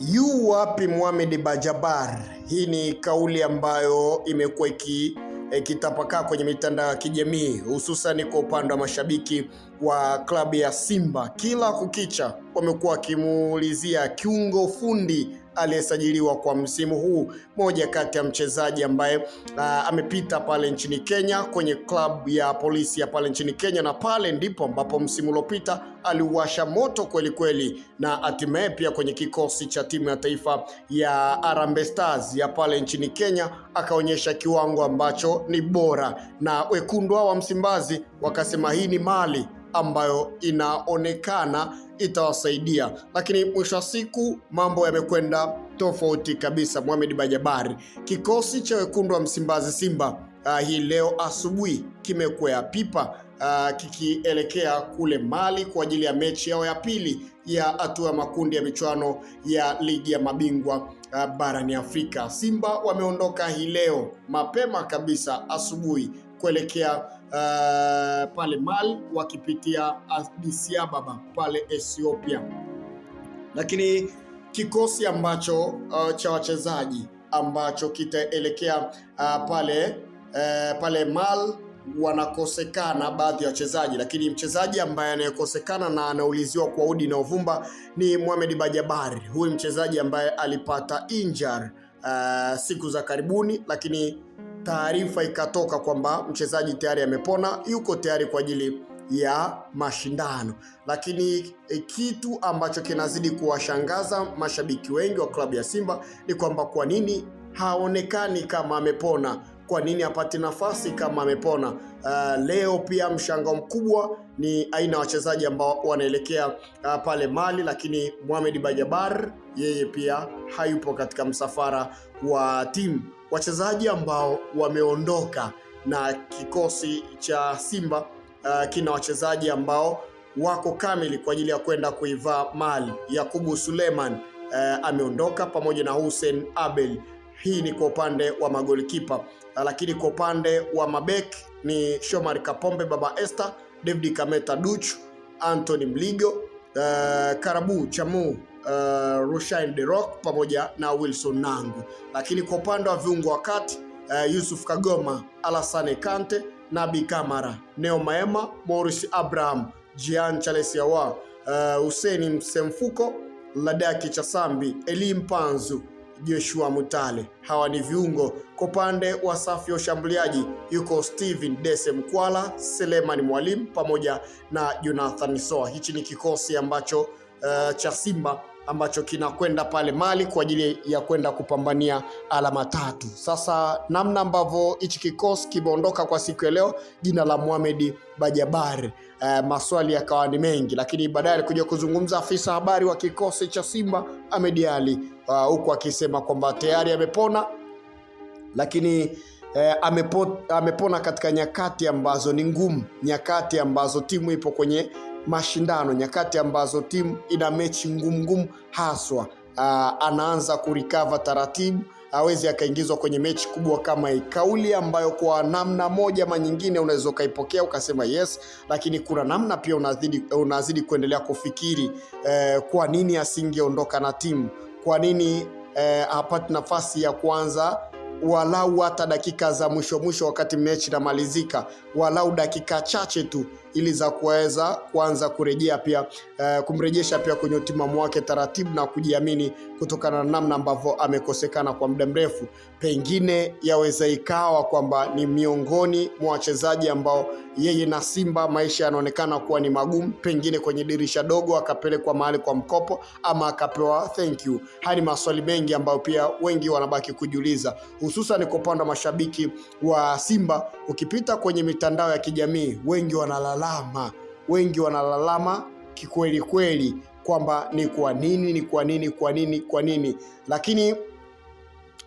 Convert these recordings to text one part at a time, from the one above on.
yu wapi Mohamed Bajabar? Hii ni kauli ambayo imekuwa iki ikitapakaa kwenye mitandao ya kijamii hususan kwa upande wa mashabiki wa klabu ya Simba. Kila kukicha wamekuwa wakimuulizia kiungo fundi aliyesajiliwa kwa msimu huu, moja kati ya mchezaji ambaye uh, amepita pale nchini Kenya kwenye klabu ya polisi ya pale nchini Kenya, na pale ndipo ambapo msimu uliopita aliuwasha moto kweli kweli, na hatimaye pia kwenye kikosi cha timu ya taifa ya Harambee Stars ya pale nchini Kenya akaonyesha kiwango ambacho ni bora, na wekundu wa Msimbazi wakasema hii ni mali ambayo inaonekana itawasaidia, lakini mwisho wa siku mambo yamekwenda tofauti kabisa. Mohamed Bajabari, kikosi cha wekundu wa Msimbazi Simba uh, hii leo asubuhi kimekwea pipa uh, kikielekea kule Mali kwa ajili ya mechi yao ya pili ya hatua ya makundi ya michuano ya ligi ya mabingwa Uh, barani Afrika. Simba wameondoka hii leo mapema kabisa asubuhi kuelekea uh, pale Mali wakipitia Addis Ababa pale Ethiopia, lakini kikosi ambacho uh, cha wachezaji ambacho kitaelekea uh, pale uh, pale Mali wanakosekana baadhi ya wachezaji, lakini mchezaji ambaye anayekosekana na anauliziwa kwa udi na uvumba ni Mohamed Bajabari. Huyu mchezaji ambaye alipata injury uh, siku za karibuni, lakini taarifa ikatoka kwamba mchezaji tayari amepona, yuko tayari kwa ajili ya mashindano. Lakini e, kitu ambacho kinazidi kuwashangaza mashabiki wengi wa klabu ya Simba ni kwamba kwa nini haonekani kama amepona? Kwa nini hapati nafasi kama amepona? Uh, leo pia mshangao mkubwa ni aina ya wachezaji ambao wanaelekea uh, pale Mali, lakini Mohamed Bajabar yeye pia hayupo katika msafara wa timu wachezaji ambao wameondoka na kikosi cha Simba uh, kina wachezaji ambao wako kamili kwa ajili ya kwenda kuivaa Mali. Yakubu Suleiman uh, ameondoka pamoja na Hussein Abel. Hii ni kwa upande wa magolikipa, uh, lakini kwa upande wa mabek ni Shomari Kapombe, Baba Esther, David Kameta Duchu, Anthony Mligo, uh, Karabu Chamu uh, Rushain De Rock pamoja na Wilson Nangu, lakini kwa upande wa viungo wa kati uh, Yusuf Kagoma, Alassane Kante, Nabi Kamara, Neo Maema, Morris Abraham, Jean Charles uh, Hussein Msemfuko, Ladaki Chasambi, Eli Mpanzu, Joshua Mutale. Hawa ni viungo. Kwa upande wa safu ya ushambuliaji yuko Steven Dese Mkwala, Selemani Mwalimu pamoja na Jonathan Soa. Hichi ni kikosi ambacho uh, cha Simba ambacho kinakwenda pale Mali kwa ajili ya kwenda kupambania alama tatu. Sasa namna ambavyo hichi kikosi kimeondoka kwa siku ya leo, jina la Mohamed bajabar e, maswali yakawa ni mengi, lakini baadaye alikuja kuzungumza afisa habari wa kikosi cha Simba Ahmed Ally ah, huku uh, akisema kwamba tayari amepona lakini E, amepo, amepona katika nyakati ambazo ni ngumu, nyakati ambazo timu ipo kwenye mashindano, nyakati ambazo timu ina mechi ngumu ngumu haswa, uh, anaanza kurikava taratibu awezi akaingizwa kwenye mechi kubwa kama hii. Kauli ambayo kwa namna moja ama nyingine unaweza ukaipokea ukasema yes, lakini kuna namna pia unazidi, unazidi kuendelea kufikiri eh, kwa nini asingeondoka na timu? Kwa nini eh, apate nafasi ya kwanza walau hata dakika za mwisho mwisho, wakati mechi inamalizika, walau dakika chache tu ili za kuweza kuanza kurejea pia uh, kumrejesha pia kwenye utimamu wake taratibu na kujiamini kutokana na namna ambavyo amekosekana kwa muda mrefu. Pengine yaweza ikawa kwamba ni miongoni mwa wachezaji ambao yeye na Simba maisha yanaonekana kuwa ni magumu, pengine kwenye dirisha dogo akapelekwa mahali kwa mkopo ama akapewa thank you. Haya ni maswali mengi ambayo pia wengi wanabaki kujiuliza, hususan kwa upande wa mashabiki wa Simba. Ukipita kwenye mitandao ya kijamii wengi wanalala lalama, wengi wanalalama kikweli kweli kwamba ni kwa nini, ni kwa nini, kwa nini, kwa nini. Lakini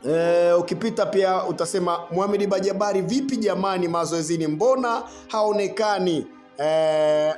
e, ukipita pia utasema Muhammad Bajabari, vipi jamani, mazoezini mbona haonekani? eh,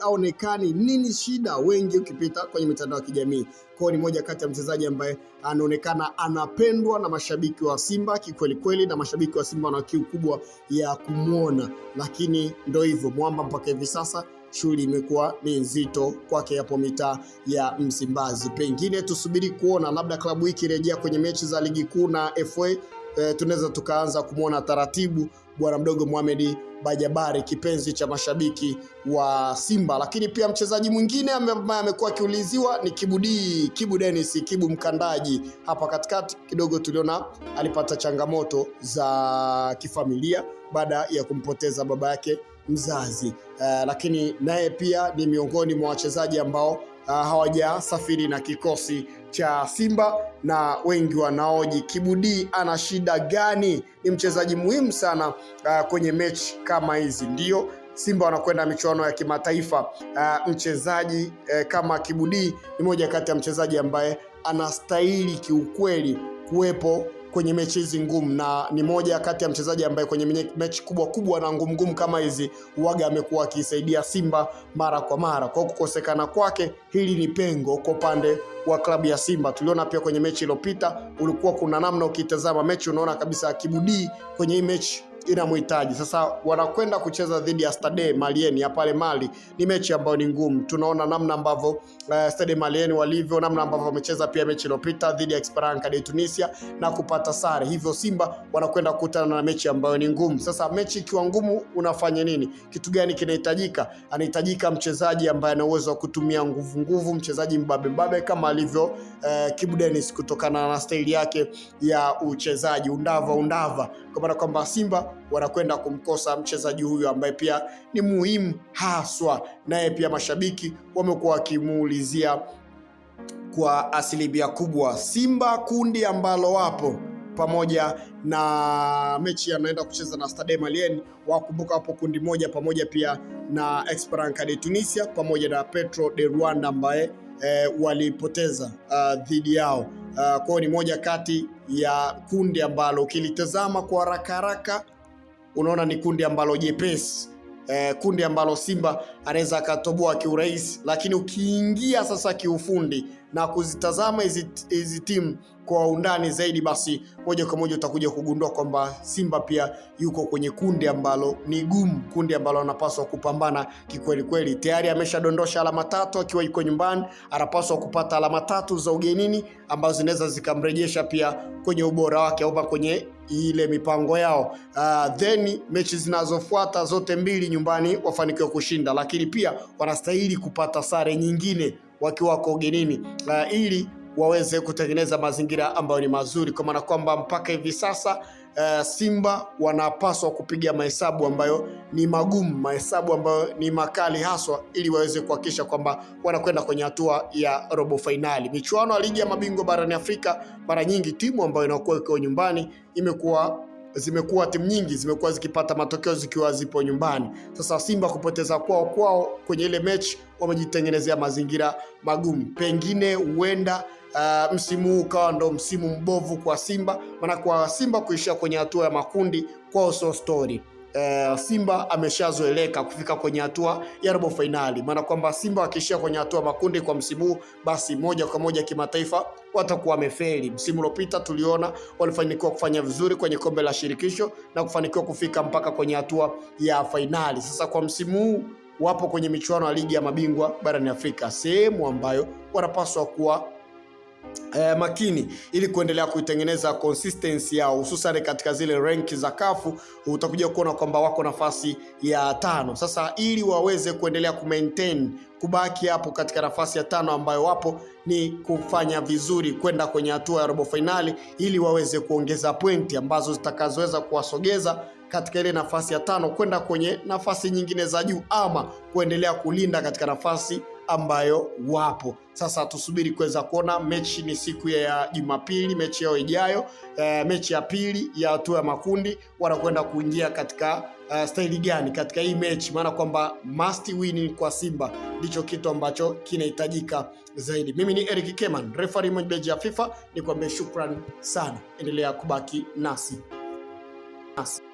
aonekani. Nini shida? Wengi ukipita kwenye mitandao ya kijamii kwao, ni moja kati ya mchezaji ambaye anaonekana anapendwa na mashabiki wa Simba kikwelikweli, na mashabiki wa Simba wana kiu kubwa ya kumwona, lakini ndo hivyo mwamba mpaka hivi sasa shughuli imekuwa ni nzito kwake hapo mitaa ya Msimbazi. Pengine tusubiri kuona labda klabu hii ikirejea kwenye mechi za ligi kuu na FA e, tunaweza tukaanza kumwona taratibu bwana mdogo Mohamed Bajabari, kipenzi cha mashabiki wa Simba. Lakini pia mchezaji mwingine ambaye amekuwa akiuliziwa ni Kibudi Kibu Dennis, Kibu mkandaji. Hapa katikati kidogo tuliona alipata changamoto za kifamilia baada ya kumpoteza baba yake mzazi uh, lakini naye pia ni miongoni mwa wachezaji ambao eh, hawajasafiri na kikosi cha Simba na wengi wanaoji Kibudi ana shida gani? Ni mchezaji muhimu sana uh, kwenye mechi kama hizi. ndio Simba wanakwenda michuano ya kimataifa. Uh, mchezaji uh, kama Kibudi ni moja kati ya mchezaji ambaye anastahili kiukweli kuwepo kwenye mechi hizi ngumu, na ni moja kati ya mchezaji ambaye kwenye mechi kubwa kubwa na ngumu ngumu kama hizi waga amekuwa akiisaidia Simba mara kwa mara. Kwa kukosekana kwake, hili ni pengo kwa upande wa klabu ya Simba. Tuliona pia kwenye mechi iliyopita, ulikuwa kuna namna ukitazama mechi unaona kabisa akibudii kwenye hii mechi inamhitaji. Sasa wanakwenda kucheza dhidi ya Stade Malien ya pale Mali, ni mechi ambayo ni ngumu. Tunaona namna ambavyo uh, Stade Malien walivyo, namna ambavyo wamecheza pia mechi iliyopita dhidi ya Esperance de Tunisia na kupata sare, hivyo Simba wanakwenda kukutana na mechi ambayo ni ngumu. Sasa mechi ikiwa ngumu, unafanya nini? Kitu gani kinahitajika? Anahitajika mchezaji ambaye ana uwezo wa kutumia nguvu nguvu, mchezaji mbabe mbabe kama alivyo uh, Kibu Denis, kutokana na staili yake ya uchezaji undava undava, kwa maana kwamba Simba wanakwenda kumkosa mchezaji huyu ambaye pia ni muhimu haswa, naye pia mashabiki wamekuwa wakimuulizia kwa asilimia kubwa. Simba kundi ambalo wapo pamoja na mechi anaenda kucheza na Stade Malien, wakumbuka hapo kundi moja, pamoja pia na Esperance de Tunisia pamoja na Petro de Rwanda ambaye e, walipoteza uh, dhidi yao. Uh, kwao ni moja kati ya kundi ambalo ukilitazama kwa haraka haraka unaona ni kundi ambalo jepesi eh, kundi ambalo Simba anaweza akatoboa kiurahisi, lakini ukiingia sasa kiufundi na kuzitazama hizi timu kwa undani zaidi, basi moja kwa moja utakuja kugundua kwamba Simba pia yuko kwenye kundi ambalo ni gumu, kundi ambalo anapaswa kupambana kikweli kweli. Tayari ameshadondosha alama tatu akiwa yuko nyumbani, anapaswa kupata alama tatu za ugenini ambazo zinaweza zikamrejesha pia kwenye ubora wake au kwenye ile mipango yao. Uh, then mechi zinazofuata zote mbili nyumbani wafanikiwe kushinda, lakini pia wanastahili kupata sare nyingine wakiwa wako ugenini uh, ili waweze kutengeneza mazingira ambayo ni mazuri, kwa maana kwamba mpaka hivi sasa uh, Simba wanapaswa kupiga mahesabu ambayo ni magumu, mahesabu ambayo ni makali haswa, ili waweze kuhakikisha kwamba wanakwenda kwenye hatua ya robo fainali. Michuano ya ligi ya mabingwa barani Afrika, mara nyingi timu ambayo inakuwa iko nyumbani imekuwa zimekuwa timu nyingi zimekuwa zikipata matokeo zikiwa zipo nyumbani. Sasa Simba kupoteza kwao kwao kwenye ile mechi, wamejitengenezea mazingira magumu, pengine huenda Uh, msimu huu ukawa ndo msimu mbovu kwa Simba, maana kwa Simba kuishia kwenye hatua ya makundi kwao sio story. Eh, Simba ameshazoeleka kufika kwenye hatua ya robo fainali, maana kwamba Simba wakiishia kwenye hatua makundi kwa msimu huu, basi moja kwa moja kimataifa watakuwa wamefeli. Msimu uliopita tuliona walifanikiwa kufanya vizuri kwenye kombe la shirikisho na kufanikiwa kufika mpaka kwenye hatua ya fainali. Sasa kwa msimu huu wapo kwenye michuano ya ligi ya mabingwa barani Afrika, sehemu ambayo wanapaswa kuwa Eh, makini ili kuendelea kuitengeneza consistency yao hususan katika zile rank za kafu, utakuja kuona kwamba wako nafasi ya tano sasa. Ili waweze kuendelea maintain kubaki hapo katika nafasi ya tano ambayo wapo, ni kufanya vizuri kwenda kwenye hatua ya robo fainali, ili waweze kuongeza pointi ambazo zitakazoweza kuwasogeza katika ile nafasi ya tano kwenda kwenye nafasi nyingine za juu, ama kuendelea kulinda katika nafasi ambayo wapo sasa. Tusubiri kuweza kuona mechi, ni siku ya Jumapili, mechi yao ijayo, e, mechi ya pili ya hatua ya makundi, wanakwenda kuingia katika Uh, staili gani katika hii mechi, maana kwamba must win kwa Simba ndicho kitu ambacho kinahitajika zaidi. Mimi ni Eric Keman, referee beji ya FIFA, nikwambie shukran sana, endelea kubaki nasi, nasi.